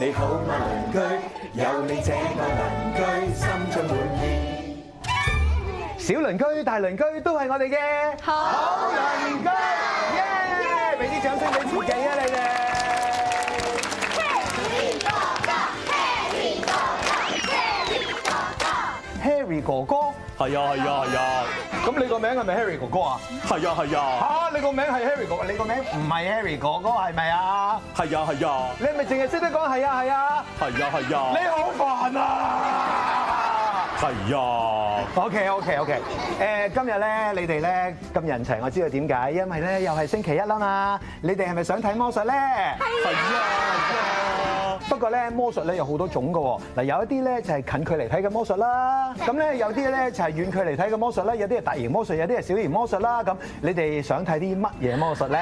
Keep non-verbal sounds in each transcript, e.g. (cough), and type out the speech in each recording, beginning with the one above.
你好嘛？鄰居，有你，呢個鄰居心中滿意。小鄰居、大鄰居都係我哋嘅好鄰居，耶！俾啲掌聲俾自己啊，你哋。Harry 哥哥，Harry 哥哥，Harry 哥哥，Harry 哥哥，係啊，係啊，係啊。咁你個名係咪 Harry 哥哥啊？係啊，係啊。你個名係 Harry 哥？你個名唔係 Harry 哥哥係咪啊？係啊係啊，你係咪淨係識得講係啊係啊，係啊係啊，啊你好煩啊！係呀。OK OK OK。誒，今日咧，你哋咧咁人齊，我知道點解，因為咧又係星期一啦嘛。你哋係咪想睇魔術咧？係呀。不過咧，魔術咧有好多種㗎喎。嗱，有一啲咧就係近距離睇嘅魔術啦。咁咧有啲咧就係遠距離睇嘅魔術啦。有啲係大型魔術，有啲係小型魔術啦。咁你哋想睇啲乜嘢魔術咧？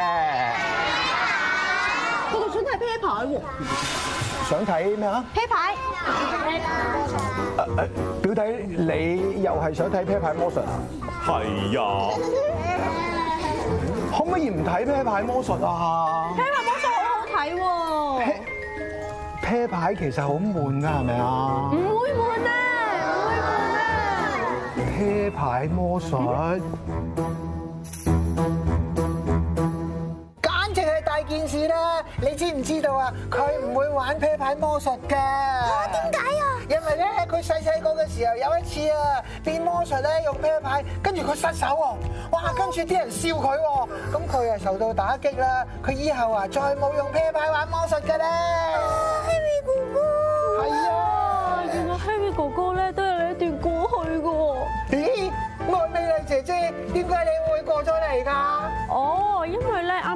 我哋想睇飛牌喎。想睇咩啊？啤牌。誒誒，表弟你又係想睇啤牌魔術啊？係呀。可唔可以唔睇啤牌魔術啊？啤牌魔術好好睇喎。啤啤牌其實好悶㗎，係咪啊？唔會悶啊！唔會悶啊！啤牌魔術。啦，你知唔知道啊？佢唔會玩啤牌魔術嘅。啊，點解啊？因為咧，佢細細個嘅時候有一次啊，變魔術咧用啤牌，跟住佢失手喎，哇，跟住啲人笑佢，咁佢啊受到打擊啦，佢以後啊再冇用啤牌玩魔術嘅啊 Henry 哥哥。係啊，原來 Henry 哥哥咧都有呢一段過去噶。咦，愛美麗姐姐，點解你會過咗嚟噶？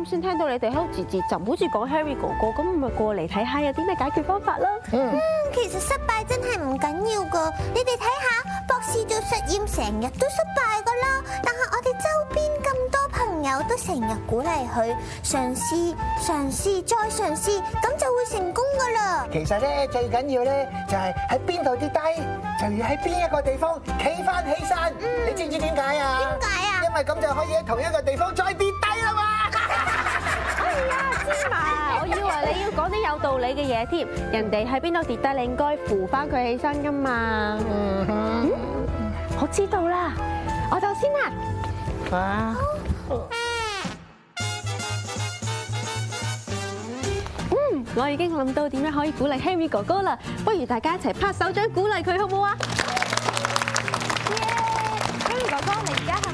先聽到你哋喺度自責，唔好似講 Harry 哥哥咁，咪過嚟睇下有啲咩解決方法啦。嗯，其實失敗真係唔緊要噶，你哋睇下博士做實驗成日都失敗噶啦，但係我哋周邊咁多朋友都成日鼓勵佢嘗試、嘗試再嘗試，咁就會成功噶啦。其實咧最緊要咧就係喺邊度跌低，就要喺邊一個地方企翻起身。你知唔知點解啊？點解啊？因為咁就可以喺同一個地方再跌低啦嘛。啊，芝麻，我以為你要講啲有道理嘅嘢添，人哋喺邊度跌低，你應該扶翻佢起身噶嘛。我知道啦，我走先啦。啊。嗯，我已經諗到點樣可以鼓勵 Henry 哥哥啦，不如大家一齊拍手掌鼓勵佢好唔好啊？Henry 哥哥，你而家。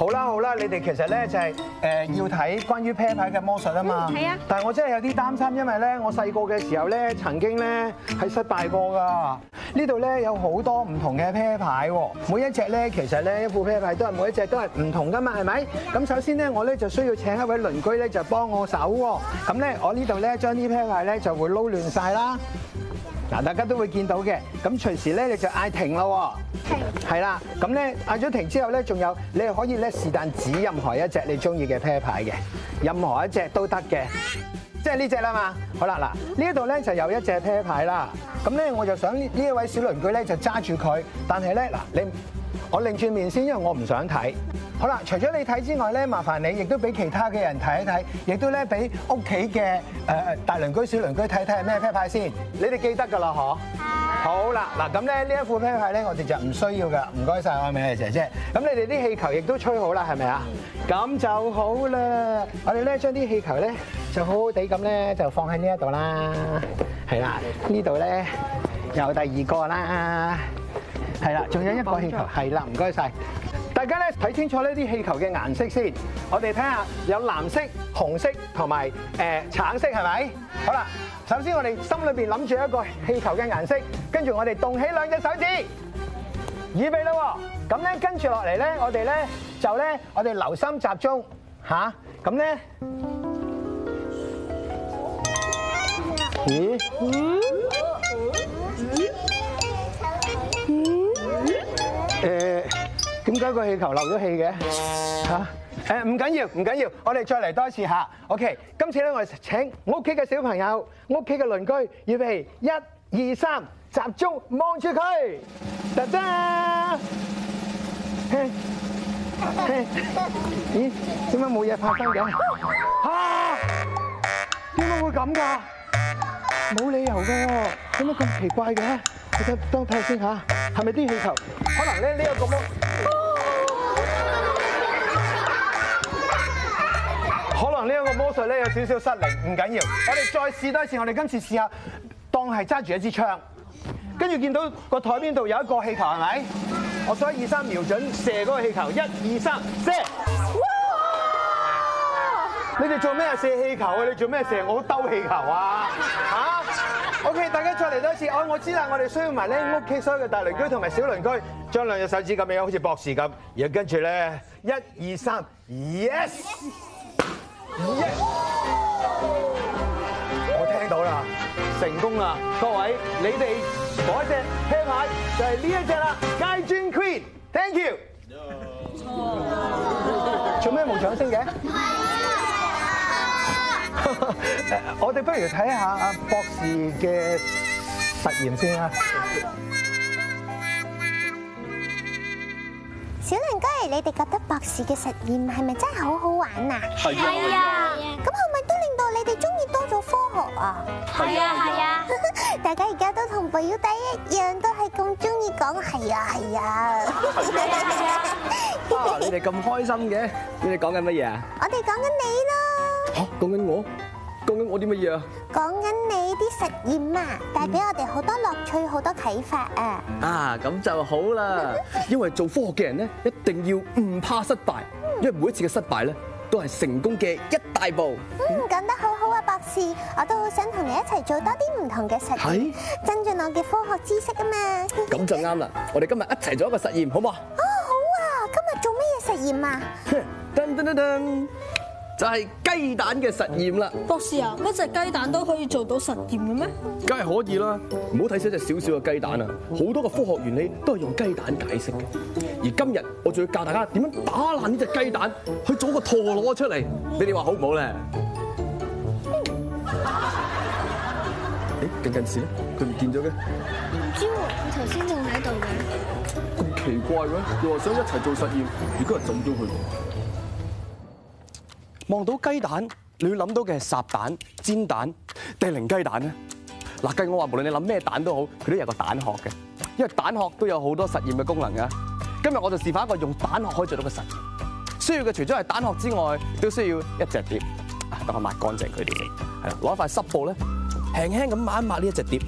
好啦好啦，你哋其實咧就係要睇關於啤牌嘅魔術啊嘛。係啊。但係我真係有啲擔心，因為咧我細個嘅時候咧曾經咧係失敗過㗎。呢度咧有好多唔同嘅啤牌喎，每一隻咧其實咧一副啤牌都係每一隻都係唔同㗎嘛，係咪？咁是的 首先咧，我咧就需要請一位鄰居咧就幫我手喎。咁咧我呢度咧呢將啲啤牌咧就會撈亂晒啦。嗱，大家都會見到嘅，咁隨時咧你就嗌停啦，停係啦，咁咧嗌咗停之後咧，仲有你可以咧是但指任何一隻你中意嘅啤牌嘅，任何一隻都得嘅。即係呢隻啦嘛，好啦嗱，呢一度咧就有一隻啤牌啦，咁咧我就想呢一位小鄰居咧就揸住佢，但係咧嗱你，我擰轉面先，因為我唔想睇，好啦，除咗你睇之外咧，麻煩你亦都俾其他嘅人睇一睇，亦都咧俾屋企嘅誒大鄰居、小鄰居睇睇係咩啤牌先，你哋記得㗎啦嗬。好啦，嗱咁咧呢一副啤牌咧，我哋就唔需要噶，唔該晒阿美麗姐姐，姐。咁你哋啲氣球亦都吹好啦，係咪啊？咁就好啦。我哋咧將啲氣球咧就好好地咁咧就放喺呢一度啦。係啦，呢度咧有第二個啦。係啦，仲有一個氣球，係啦，唔該晒，大家咧睇清楚呢啲氣球嘅顏色先。我哋睇下有藍色、紅色同埋誒橙色係咪？好啦。首先我哋心裏邊諗住一個氣球嘅顏色，跟住我哋動起兩隻手指，預備啦喎！咁咧跟住落嚟咧，我哋咧就咧我哋留心集中嚇，咁咧，咦？誒，點解個氣球漏咗氣嘅？嚇？誒，唔緊要，唔緊要，我哋再嚟多一次嚇，OK。今次咧，我係請我屋企嘅小朋友、我屋企嘅鄰居，預備一二三，集中望住佢，嗒嗒，嘿，嘿，咦，點解冇嘢發生嘅？點解會咁㗎？冇理由㗎，點解咁奇怪嘅？我睇，等睇下先吓，係咪啲氣球？可能咧，呢個咁樣。個魔術咧，有少少失靈，唔緊要。我哋再試多一次。我哋今次試下當係揸住一支槍，跟住見到個台邊度有一個氣球，係咪？我數一二三，瞄準射嗰個氣球，一二三，射！你哋做咩啊？射氣球啊！你做咩射？我好兜氣球啊！嚇？OK，大家再嚟多一次，我知道。我我知啦，我哋需要埋咧屋企所有嘅大鄰居同埋小鄰居，將兩隻手指咁樣，好似博士咁。然後跟住咧，一二三，yes。五億，我聽到啦，成功啦！各位，你哋嗰隻靴下，就係呢一隻啦，街尊 Queen，thank you。做咩冇掌聲嘅？我哋不如睇下阿博士嘅實驗先啦。小玲哥，你哋覺得博士嘅實驗係咪真係好好玩啊？係啊對，咁係咪都令到你哋中意多咗科學啊？係啊係啊，的大家而家都同白妖弟一樣，都係咁中意講係啊係啊，你哋咁開心嘅，你哋講緊乜嘢啊？我哋講緊你咯，吓，講緊我。講緊我啲乜嘢啊？講緊你啲實驗啊，帶俾我哋好多樂趣，好多啟發啊！啊，咁就好啦。 (laughs) 因為做科學嘅人咧，一定要唔怕失敗，因為每一次嘅失敗咧，都係成功嘅一大步。嗯，講得好好啊，博士，我都好想同你一齊做多啲唔同嘅實驗，是增進我嘅科學知識啊嘛。咁 (laughs) 就啱啦，我哋今日一齊做一個實驗，好唔好啊？哦，好啊！今日做乜嘢實驗啊？噔噔噔。就係雞蛋嘅實驗啦，博士啊，乜隻雞蛋都可以做到實驗嘅咩？梗係可以啦，唔好睇小一隻小小嘅雞蛋啊，好多嘅科學原理都係用雞蛋解釋嘅。而今日我仲要教大家點樣打爛呢隻雞蛋，去做個陀螺出嚟。你哋話好唔好咧？誒，嗯、近近時咧，佢唔見咗嘅。唔知喎，佢頭先仲喺度嘅。咁奇怪嘅，又話想一齊做實驗，如果又浸咗佢。望到雞蛋，你要諗到嘅係烚蛋、煎蛋、定零雞蛋咧？嗱，跟我話無論你諗咩蛋都好，佢都有一個蛋殼嘅，因為蛋殼都有好多實驗嘅功能嘅。今日我就示範一個用蛋殼可以做到嘅實驗，需要嘅除咗係蛋殼之外，都需要一隻碟。等我抹乾淨佢哋先，係啦，攞塊濕布咧，輕輕咁抹一抹呢一隻碟，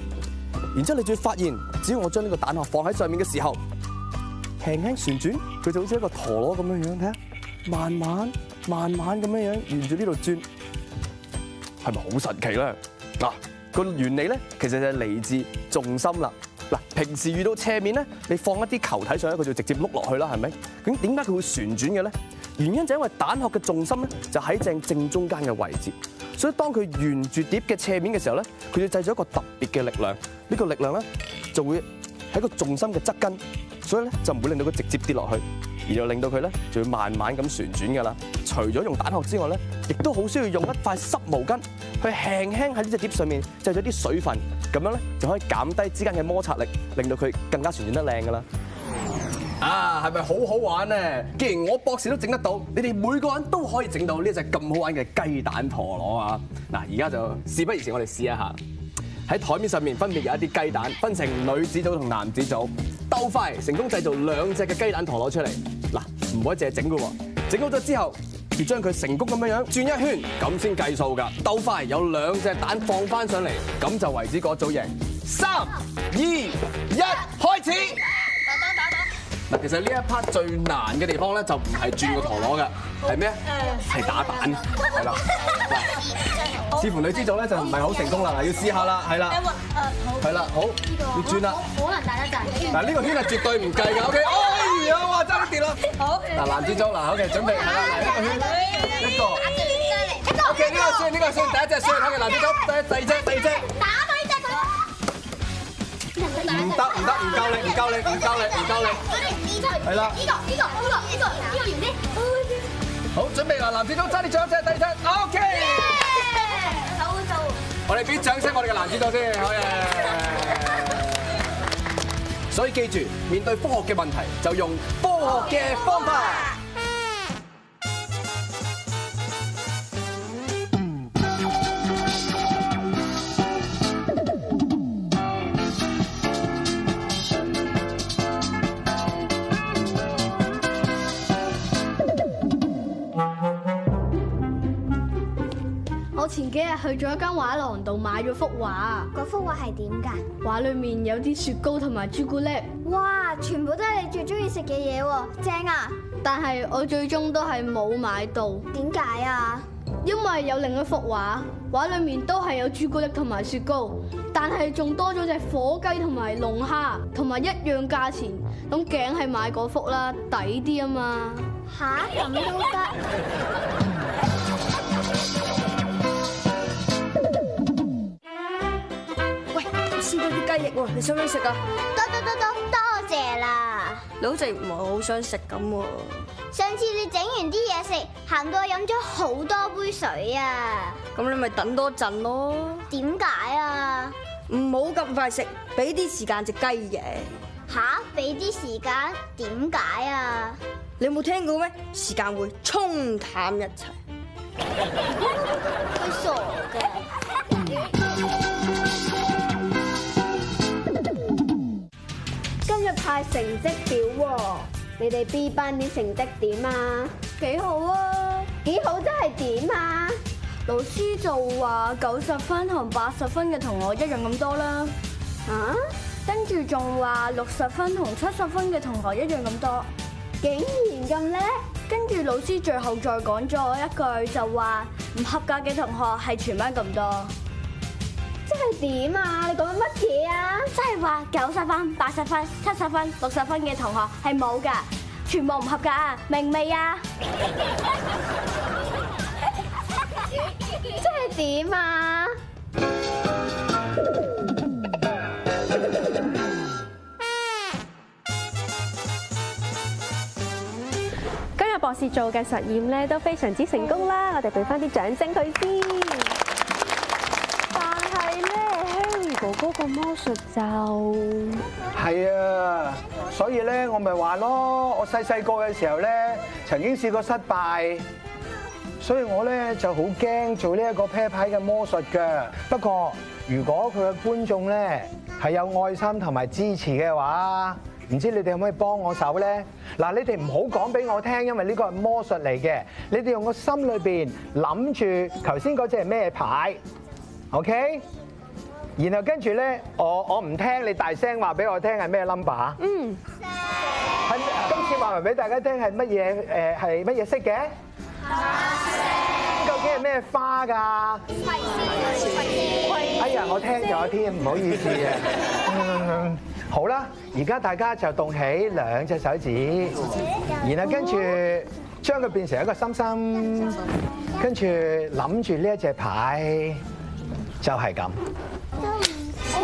然之後你仲要發現，只要我將呢個蛋殼放喺上面嘅時候，輕輕旋轉，佢就好似一個陀螺咁樣樣，睇慢慢。慢慢咁樣樣沿住呢度轉，係咪好神奇咧？嗱，個原理咧，其實就係嚟自重心啦。嗱，平時遇到斜面咧，你放一啲球體上去，佢就直接碌落去啦，係咪？咁點解佢會旋轉嘅咧？原因就因為蛋殼嘅重心咧就喺正正中間嘅位置，所以當佢沿住碟嘅斜面嘅時候咧，佢就製咗一個特別嘅力量。呢個力量咧就會。喺個重心嘅側根，所以咧就唔會令到佢直接跌落去，而又令到佢咧就會慢慢咁旋轉噶啦。除咗用蛋殼之外咧，亦都好需要用一塊濕毛巾，去輕輕喺呢隻碟上面浸咗啲水分，咁樣咧就可以減低之間嘅摩擦力，令到佢更加旋轉得靚噶啦。啊，係咪好好玩咧？既然我博士都整得到，你哋每個人都可以整到呢一隻咁好玩嘅雞蛋陀螺啊！嗱，而家就事不宜遲，我哋試一下。喺台面上面分別有一啲雞蛋，分成女子組同男子組。鬥快成功製造兩隻嘅雞蛋陀螺出嚟，嗱唔可以凈係整嘅喎，整好咗之後要將佢成功咁樣樣轉一圈，咁先計數㗎。鬥快有兩隻蛋放翻上嚟，咁就為之嗰組贏。三二一開始，打蛋打蛋。嗱，其實呢一 part 最難嘅地方咧，就唔係轉個陀螺嘅，係咩？係打蛋。來啦。似乎女子組咧就唔係好成功啦，嗱要試下啦，係啦，係啦，好，要轉啦。好，好難第一隻。嗱，呢個圈係絕對唔計嘅，OK。哎呀，哇，真係跌咯！好，嗱，男子組，嗱，OK，準備，嚟啦，呢一個圈，一個。OK，呢個算，呢個算第一隻算嘅男子組，第一、第二隻、第二隻。打呢隻佢。唔得，唔得，唔夠力，唔夠力，唔夠力，唔夠力。係啦。呢個，呢個，呢個，呢個，呢個圓啲。好，準備啦，男子組，爭啲再一隻，第二隻，OK。我哋俾掌聲，我哋嘅男主角先。好啊。所以記住，面對科學嘅問題，就用科學嘅方法。去咗一間畫廊度買咗幅畫，嗰幅畫係點噶？畫裏面有啲雪糕同埋朱古力，哇！全部都係你最中意食嘅嘢喎，正啊！但係我最終都係冇買到，點解啊？因為有另一幅畫，畫裏面都係有朱古力同埋雪糕，但係仲多咗隻火雞同埋龍蝦，同埋一樣價錢，咁梗係買嗰幅啦，抵啲啊嘛！吓，咁都得？ (laughs) 雞翼喎，你想唔想食啊？多多多多多謝啦。你好似唔係好想食咁喎。上次你整完啲嘢食，行過飲咗好多杯水多啊。咁你咪等多陣咯。點解啊？唔好咁快食，俾啲時間隻雞翼。吓？俾啲時間？點解啊？你冇聽過咩？時間會沖淡一切。佢傻嘅。成績表，你哋 B 班啲成績點啊？幾好啊？好真？幾好即係點啊？老師就話九十分同八十分嘅同學一樣咁多啦。啊？跟住仲話六十分同七十分嘅同學一樣咁多。啊。竟然咁叻？跟住老師最後再講咗一句，就話唔合格嘅同學係全班咁多。即係點啊？你講緊乜嘢啊？即係話九十分、八十分、七十分、六十分嘅同學係冇噶，全部唔合格啊！明未啊？即係點啊？今日博士做嘅實驗咧都非常之成功啦，我哋俾翻啲掌聲佢先。哥哥個魔術就係啊，所以咧我咪話咯，我細細個嘅時候咧曾經試過失敗，所以我咧就好驚做呢一個啤牌嘅魔術㗎。不過如果佢嘅觀眾咧係有愛心同埋支持嘅話，唔知你哋可唔可以幫我手咧？嗱，你哋唔好講俾我聽，因為呢個係魔術嚟嘅。你哋用個心裏邊諗住頭先嗰隻係咩牌？OK。然後跟住咧，我我唔聽你大聲話俾我聽係咩 number。嗯。係。今次話埋俾大家聽係乜嘢？誒係乜嘢色嘅？色。究竟係咩花㗎？哎呀，我聽咗添，唔好意思啊。好啦，而家大家就動起兩隻手指，然後跟住將佢變成一個心心，跟住諗住呢一隻牌就係咁。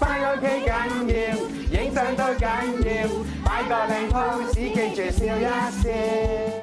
翻屋企緊要，影相都緊要，擺個靚 pose，子記住笑一笑。